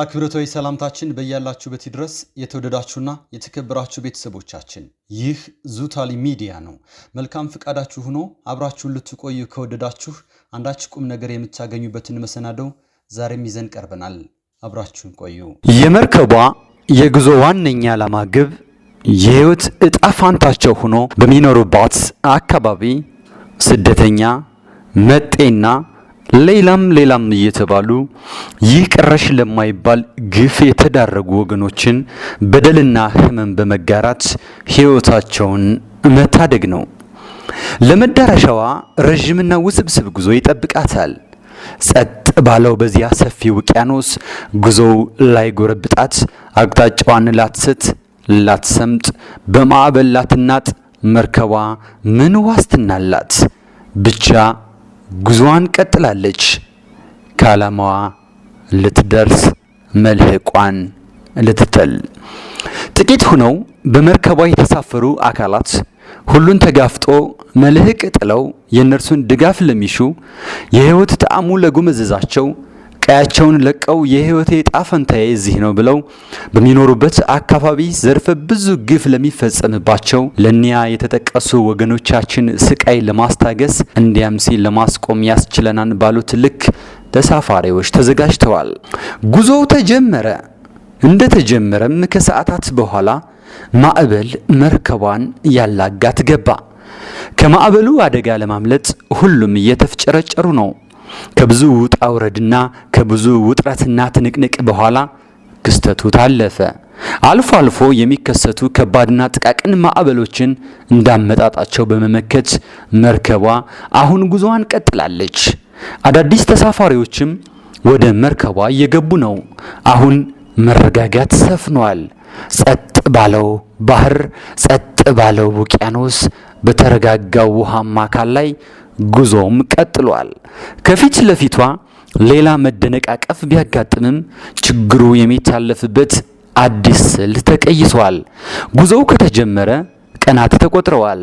አክብሮታዊ ሰላምታችን በያላችሁበት ድረስ የተወደዳችሁና የተከበራችሁ ቤተሰቦቻችን፣ ይህ ዙታሊ ሚዲያ ነው። መልካም ፈቃዳችሁ ሆኖ አብራችሁን ልትቆዩ ከወደዳችሁ አንዳች ቁም ነገር የምታገኙበትን መሰናደው ዛሬም ይዘን ቀርበናል። አብራችሁን ቆዩ። የመርከቧ የጉዞ ዋነኛ ዓላማ ግብ የህይወት እጣ ፋንታቸው ሆኖ በሚኖሩባት አካባቢ ስደተኛ መጤና ሌላም ሌላም እየተባሉ ይህ ቅረሽ ለማይባል ግፍ የተዳረጉ ወገኖችን በደልና ሕመም በመጋራት ሕይወታቸውን መታደግ ነው። ለመዳረሻዋ ረዥምና ውስብስብ ጉዞ ይጠብቃታል። ጸጥ ባለው በዚያ ሰፊ ውቅያኖስ ጉዞው ላይ ጎረብጣት፣ አቅጣጫዋን ላትስት፣ ላትሰምጥ፣ በማዕበል ላትናጥ መርከቧ ምን ዋስትና አላት? ብቻ ጉዞዋን ቀጥላለች። ከዓላማዋ ልትደርስ መልህቋን ልትጥል ጥቂት ሆነው በመርከቧ የተሳፈሩ አካላት ሁሉን ተጋፍጦ መልህቅ ጥለው የእነርሱን ድጋፍ ለሚሹ የህይወት ጣዕሙ ለጎመዘዛቸው ቀያቸውን ለቀው የህይወቴ ጣፈንታዬ እዚህ ነው ብለው በሚኖሩበት አካባቢ ዘርፈ ብዙ ግፍ ለሚፈጸምባቸው ለኒያ የተጠቀሱ ወገኖቻችን ስቃይ ለማስታገስ እንዲያም ሲል ለማስቆም ያስችለናን ባሉት ልክ ተሳፋሪዎች ተዘጋጅተዋል። ጉዞው ተጀመረ። እንደ ተጀመረም ከሰዓታት በኋላ ማዕበል መርከቧን ያላጋት ገባ። ከማዕበሉ አደጋ ለማምለጥ ሁሉም እየተፍጨረጨሩ ነው። ከብዙ ውጣ ውረድና ከብዙ ውጥረትና ትንቅንቅ በኋላ ክስተቱ ታለፈ። አልፎ አልፎ የሚከሰቱ ከባድና ጥቃቅን ማዕበሎችን እንዳመጣጣቸው በመመከት መርከቧ አሁን ጉዞዋን ቀጥላለች። አዳዲስ ተሳፋሪዎችም ወደ መርከቧ እየገቡ ነው። አሁን መረጋጋት ሰፍኗል። ጸጥ ባለው ባህር፣ ጸጥ ባለው ውቅያኖስ፣ በተረጋጋው ውሃማ አካል ላይ ጉዞም ቀጥሏል። ከፊት ለፊቷ ሌላ መደነቃቀፍ ቢያጋጥምም ችግሩ የሚታለፍበት አዲስ ስልት ተቀይሷል። ጉዞው ከተጀመረ ቀናት ተቆጥረዋል።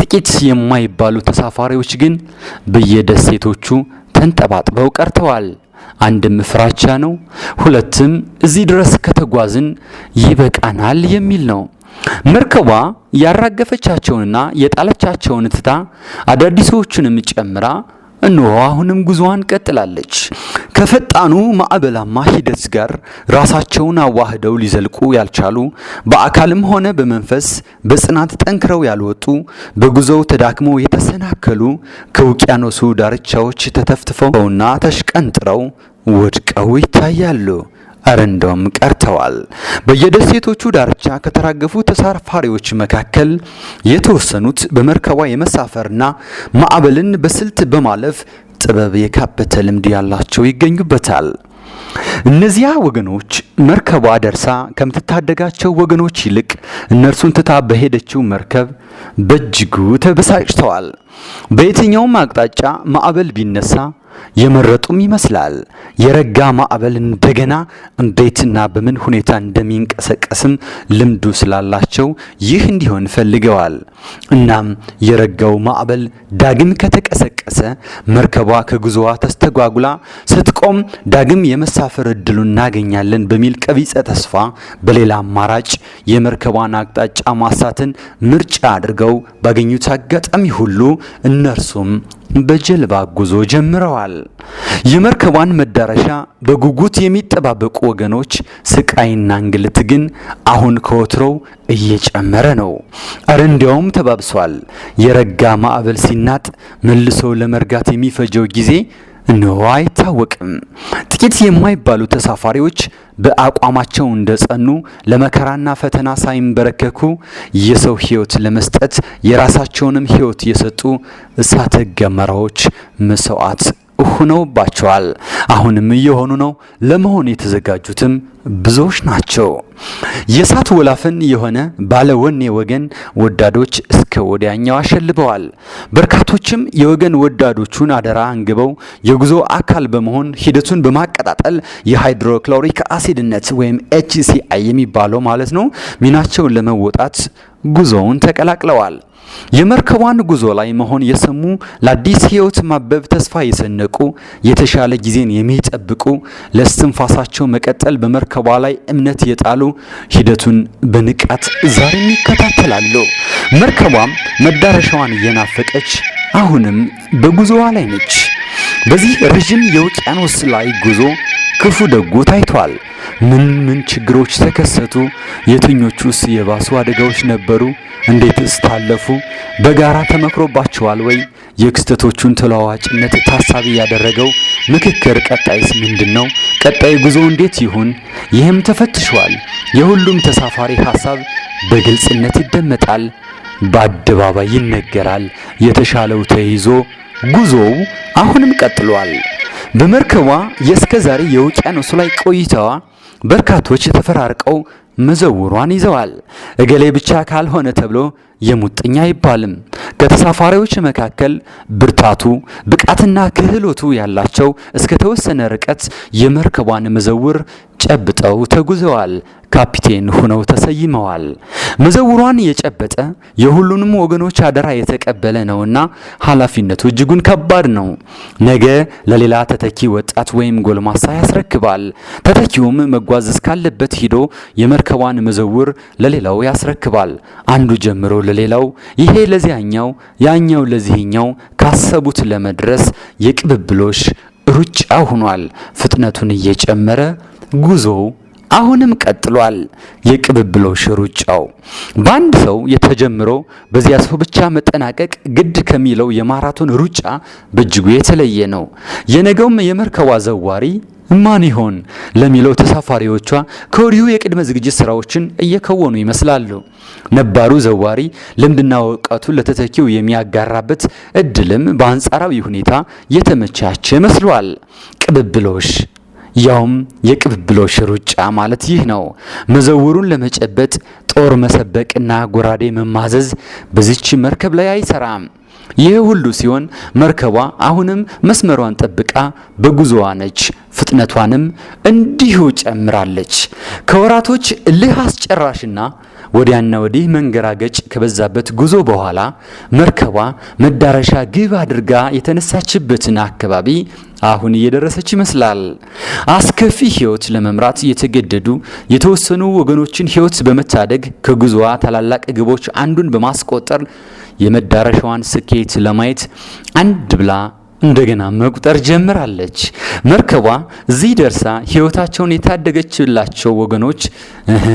ጥቂት የማይባሉ ተሳፋሪዎች ግን በየደሴቶቹ ተንጠባጥበው ቀርተዋል። አንድም ፍራቻ ነው፣ ሁለትም እዚህ ድረስ ከተጓዝን ይበቃናል የሚል ነው። መርከቧ ያራገፈቻቸውንና የጣለቻቸውን ትታ አዳዲሶቹንም ጨምራ እነሆ አሁንም ጉዞዋን ቀጥላለች። ከፈጣኑ ማዕበላማ ሂደት ጋር ራሳቸውን አዋህደው ሊዘልቁ ያልቻሉ በአካልም ሆነ በመንፈስ በጽናት ጠንክረው ያልወጡ በጉዞው ተዳክመው የተሰናከሉ ከውቅያኖሱ ዳርቻዎች ተተፍትፈውና ተሽቀንጥረው ወድቀው ይታያሉ። አረንዶም ቀርተዋል። በየደሴቶቹ ዳርቻ ከተራገፉ ተሳፋሪዎች መካከል የተወሰኑት በመርከቧ የመሳፈርና ማዕበልን በስልት በማለፍ ጥበብ የካበተ ልምድ ያላቸው ይገኙበታል። እነዚያ ወገኖች መርከቧ ደርሳ ከምትታደጋቸው ወገኖች ይልቅ እነርሱን ትታ በሄደችው መርከብ በእጅጉ ተበሳጭተዋል። በየትኛውም አቅጣጫ ማዕበል ቢነሳ የመረጡም ይመስላል። የረጋ ማዕበል እንደገና እንዴትና በምን ሁኔታ እንደሚንቀሰቀስም ልምዱ ስላላቸው ይህ እንዲሆን ፈልገዋል። እናም የረጋው ማዕበል ዳግም ከተቀሰቀሰ መርከቧ ከጉዞዋ ተስተጓጉላ ስትቆም ዳግም የመሳፈር እድሉን እናገኛለን በሚል ቀቢጸ ተስፋ በሌላ አማራጭ የመርከቧን አቅጣጫ ማሳትን ምርጫ አድርገው ባገኙት አጋጣሚ ሁሉ እነርሱም በጀልባ ጉዞ ጀምረዋል። የመርከቧን መዳረሻ በጉጉት የሚጠባበቁ ወገኖች ስቃይና እንግልት ግን አሁን ከወትሮው እየጨመረ ነው። አረ እንዲያውም ተባብሷል። የረጋ ማዕበል ሲናጥ መልሶ ለመርጋት የሚፈጀው ጊዜ እንሆ አይታወቅም። ጥቂት የማይባሉ ተሳፋሪዎች በአቋማቸው እንደጸኑ ለመከራና ፈተና ሳይንበረከኩ የሰው ሕይወት ለመስጠት የራሳቸውንም ሕይወት የሰጡ እሳተ ገሞራዎች መስዋዕት ሆነውባቸዋል። አሁንም እየሆኑ ነው። ለመሆን የተዘጋጁትም ብዙዎች ናቸው። የእሳት ወላፈን የሆነ ባለ ወኔ ወገን ወዳዶች እስከ ወዲያኛው አሸልበዋል። በርካቶችም የወገን ወዳዶቹን አደራ አንግበው የጉዞ አካል በመሆን ሂደቱን በማቀጣጠል የሃይድሮክሎሪክ አሲድነት ወይም ኤችሲአይ የሚባለው ማለት ነው ሚናቸውን ለመወጣት ጉዞውን ተቀላቅለዋል። የመርከቧን ጉዞ ላይ መሆን የሰሙ ለአዲስ ህይወት ማበብ ተስፋ የሰነቁ የተሻለ ጊዜን የሚጠብቁ ለስትንፋሳቸው መቀጠል በመርከቧ ላይ እምነት የጣሉ ሂደቱን በንቃት ዛሬም ይከታተላሉ። መርከቧም መዳረሻዋን እየናፈቀች አሁንም በጉዞዋ ላይ ነች። በዚህ ረዥም የውቅያኖስ ላይ ጉዞ ክፉ ደጉ ታይቷል። ምን ምን ችግሮች ተከሰቱ? የትኞቹስ የባሱ አደጋዎች ነበሩ? እንዴትስ ታለፉ? በጋራ ተመክሮባቸዋል ወይ? የክስተቶቹን ተለዋዋጭነት ታሳቢ ያደረገው ምክክር ቀጣይስ ምንድን ነው? ቀጣይ ጉዞ እንዴት ይሁን? ይህም ተፈትሿል። የሁሉም ተሳፋሪ ሐሳብ በግልጽነት ይደመጣል፣ በአደባባይ ይነገራል። የተሻለው ተይዞ ጉዞው አሁንም ቀጥሏል። በመርከቧ የእስከዛሬ የውቅያኖሱ ላይ ቆይታዋ በርካቶች ተፈራርቀው መዘውሯን ይዘዋል። እገሌ ብቻ ካልሆነ ተብሎ የሙጥኝ አይባልም። ከተሳፋሪዎች መካከል ብርታቱ፣ ብቃትና ክህሎቱ ያላቸው እስከ ተወሰነ ርቀት የመርከቧን መዘውር ጨብጠው ተጉዘዋል። ካፒቴን ሆነው ተሰይመዋል። መዘውሯን የጨበጠ የሁሉንም ወገኖች አደራ የተቀበለ ነውና ኃላፊነቱ እጅጉን ከባድ ነው። ነገ ለሌላ ተተኪ ወጣት ወይም ጎልማሳ ያስረክባል። ተተኪውም መጓዝ እስካለበት ሂዶ የመርከቧን መዘውር ለሌላው ያስረክባል። አንዱ ጀምሮ ለሌላው ይሄ ለዚያኛው ያኛው ለዚህኛው ካሰቡት ለመድረስ የቅብብሎሽ ሩጫ ሆኗል። ፍጥነቱን እየጨመረ ጉዞው አሁንም ቀጥሏል የቅብብሎሽ ሩጫው። በአንድ ሰው የተጀምሮ በዚያ ሰው ብቻ መጠናቀቅ ግድ ከሚለው የማራቶን ሩጫ በእጅጉ የተለየ ነው። የነገውም የመርከቧ ዘዋሪ ማን ይሆን ለሚለው ተሳፋሪዎቿ ከወዲሁ የቅድመ ዝግጅት ስራዎችን እየከወኑ ይመስላሉ። ነባሩ ዘዋሪ ልምድና እውቀቱን ለተተኪው የሚያጋራበት እድልም በአንጻራዊ ሁኔታ የተመቻቸ መስሏል። ቅብብሎሽ ያውም የቅብብሎሽ ሩጫ ማለት ይህ ነው። መዘውሩን ለመጨበጥ ጦር መሰበቅና ጎራዴ መማዘዝ በዚች መርከብ ላይ አይሰራም። ይህ ሁሉ ሲሆን መርከቧ አሁንም መስመሯን ጠብቃ በጉዞዋ ነች። ፍጥነቷንም እንዲሁ ጨምራለች። ከወራቶች እልህ አስጨራሽና ወዲያና ወዲህ መንገራገጭ ከበዛበት ጉዞ በኋላ መርከቧ መዳረሻ ግብ አድርጋ የተነሳችበትን አካባቢ አሁን እየደረሰች ይመስላል። አስከፊ ህይወት ለመምራት የተገደዱ የተወሰኑ ወገኖችን ህይወት በመታደግ ከጉዞዋ ታላላቅ ግቦች አንዱን በማስቆጠር የመዳረሻዋን ስኬት ለማየት አንድ ብላ እንደገና መቁጠር ጀምራለች። መርከቧ እዚህ ደርሳ ህይወታቸውን የታደገችላቸው ወገኖች እህ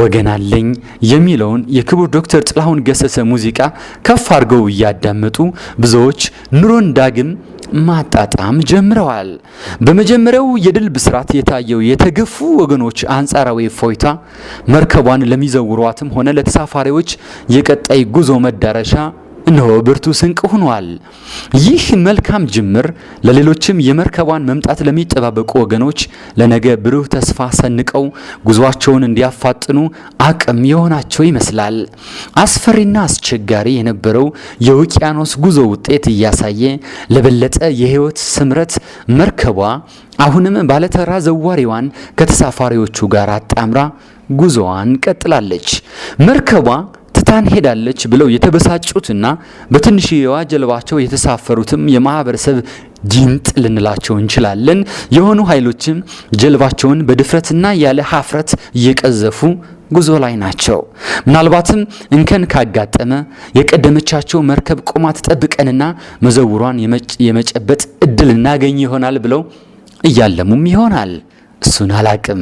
ወገን አለኝ የሚለውን የክቡር ዶክተር ጥላሁን ገሰሰ ሙዚቃ ከፍ አድርገው እያዳመጡ ብዙዎች ኑሮን ዳግም ማጣጣም ጀምረዋል። በመጀመሪያው የድል ብስራት የታየው የተገፉ ወገኖች አንጻራዊ እፎይታ መርከቧን ለሚዘውሯትም ሆነ ለተሳፋሪዎች የቀጣይ ጉዞ መዳረሻ እነሆ ብርቱ ስንቅ ሆኗል። ይህ መልካም ጅምር ለሌሎችም የመርከቧን መምጣት ለሚጠባበቁ ወገኖች ለነገ ብሩህ ተስፋ ሰንቀው ጉዟቸውን እንዲያፋጥኑ አቅም የሆናቸው ይመስላል። አስፈሪና አስቸጋሪ የነበረው የውቅያኖስ ጉዞ ውጤት እያሳየ ለበለጠ የህይወት ስምረት መርከቧ አሁንም ባለተራ ዘዋሪዋን ከተሳፋሪዎቹ ጋር አጣምራ ጉዞዋን ቀጥላለች። መርከቧ ትታን ሄዳለች ብለው የተበሳጩትና በትንሽየዋ ጀልባቸው የተሳፈሩትም የማህበረሰብ ጊንጥ ልንላቸው እንችላለን የሆኑ ኃይሎችም ጀልባቸውን በድፍረትና ያለ ሀፍረት እየቀዘፉ ጉዞ ላይ ናቸው። ምናልባትም እንከን ካጋጠመ የቀደመቻቸው መርከብ ቆማ ትጠብቀንና መዘውሯን የመጨበጥ እድል እናገኝ ይሆናል ብለው እያለሙም ይሆናል። እሱን አላቅም።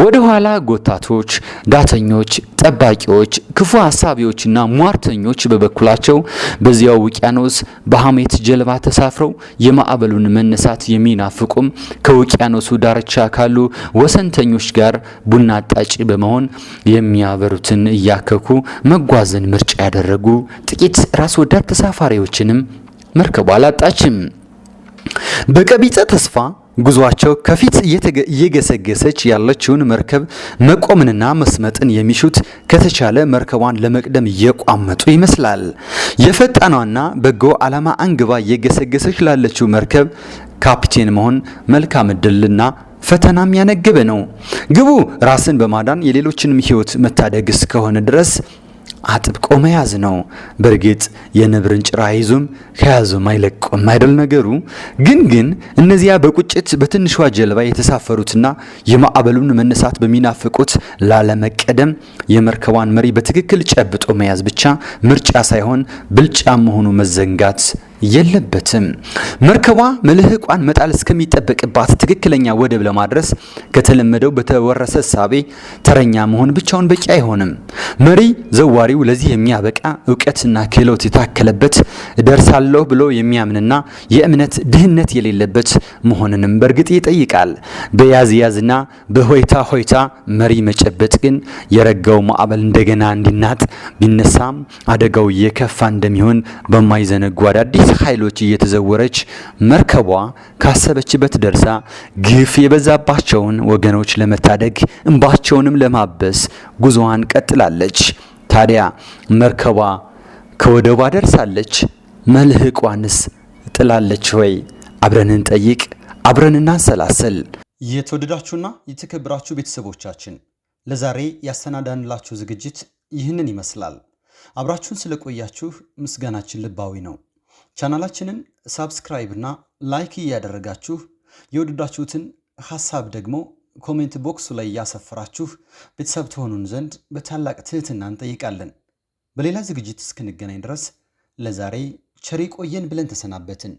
ወደ ኋላ ጎታቶች፣ ዳተኞች፣ ጠባቂዎች፣ ክፉ ሀሳቢዎችና ሟርተኞች በበኩላቸው በዚያው ውቅያኖስ በሐሜት ጀልባ ተሳፍረው የማዕበሉን መነሳት የሚናፍቁም ከውቅያኖሱ ዳርቻ ካሉ ወሰንተኞች ጋር ቡና አጣጭ በመሆን የሚያበሩትን እያከኩ መጓዝን ምርጫ ያደረጉ ጥቂት ራስ ወዳድ ተሳፋሪዎችንም መርከቧ አላጣችም። በቀቢጸ ተስፋ ጉዟቸው ከፊት እየገሰገሰች ያለችውን መርከብ መቆምንና መስመጥን የሚሹት ከተቻለ መርከቧን ለመቅደም እየቋመጡ ይመስላል። የፈጣኗና በጎ ዓላማ አንግባ እየገሰገሰች ላለችው መርከብ ካፕቴን መሆን መልካም እድልና ፈተናም ያነገበ ነው። ግቡ ራስን በማዳን የሌሎችንም ሕይወት መታደግ እስከሆነ ድረስ አጥብቆ መያዝ ነው። በእርግጥ የነብርን ጭራ ይዙም ከያዙም አይለቁም አይደል ነገሩ። ግን ግን እነዚያ በቁጭት በትንሿ ጀልባ የተሳፈሩትና የማዕበሉን መነሳት በሚናፍቁት ላለመቀደም የመርከቧን መሪ በትክክል ጨብጦ መያዝ ብቻ ምርጫ ሳይሆን ብልጫ መሆኑ መዘንጋት የለበትም። መርከቧ መልህቋን መጣል እስከሚጠበቅባት ትክክለኛ ወደብ ለማድረስ ከተለመደው በተወረሰ እሳቤ ተረኛ መሆን ብቻውን በቂ አይሆንም። መሪ ዘዋሪው ለዚህ የሚያበቃ እውቀትና ክህሎት የታከለበት ደርሳለሁ ብሎ የሚያምንና የእምነት ድህነት የሌለበት መሆንንም በእርግጥ ይጠይቃል። በያዝያዝና በሆይታ ሆይታ መሪ መጨበጥ ግን የረጋው ማዕበል እንደገና እንዲናጥ ቢነሳም አደጋው የከፋ እንደሚሆን በማይዘነጉ አዳዲስ ኃይሎች እየተዘወረች መርከቧ ካሰበችበት ደርሳ ግፍ የበዛባቸውን ወገኖች ለመታደግ እንባቸውንም ለማበስ ጉዞዋን ቀጥላለች። ታዲያ መርከቧ ከወደቧ ደርሳለች፣ መልህቋንስ ጥላለች ወይ? አብረን እንጠይቅ፣ አብረን እናንሰላሰል። የተወደዳችሁና የተከበራችሁ ቤተሰቦቻችን ለዛሬ ያሰናዳንላችሁ ዝግጅት ይህንን ይመስላል። አብራችሁን ስለቆያችሁ ምስጋናችን ልባዊ ነው። ቻናላችንን ሳብስክራይብ እና ላይክ እያደረጋችሁ የወደዳችሁትን ሀሳብ ደግሞ ኮሜንት ቦክሱ ላይ እያሰፈራችሁ ቤተሰብ ትሆኑን ዘንድ በታላቅ ትህትና እንጠይቃለን። በሌላ ዝግጅት እስክንገናኝ ድረስ ለዛሬ ቸር ይቆየን ብለን ተሰናበትን።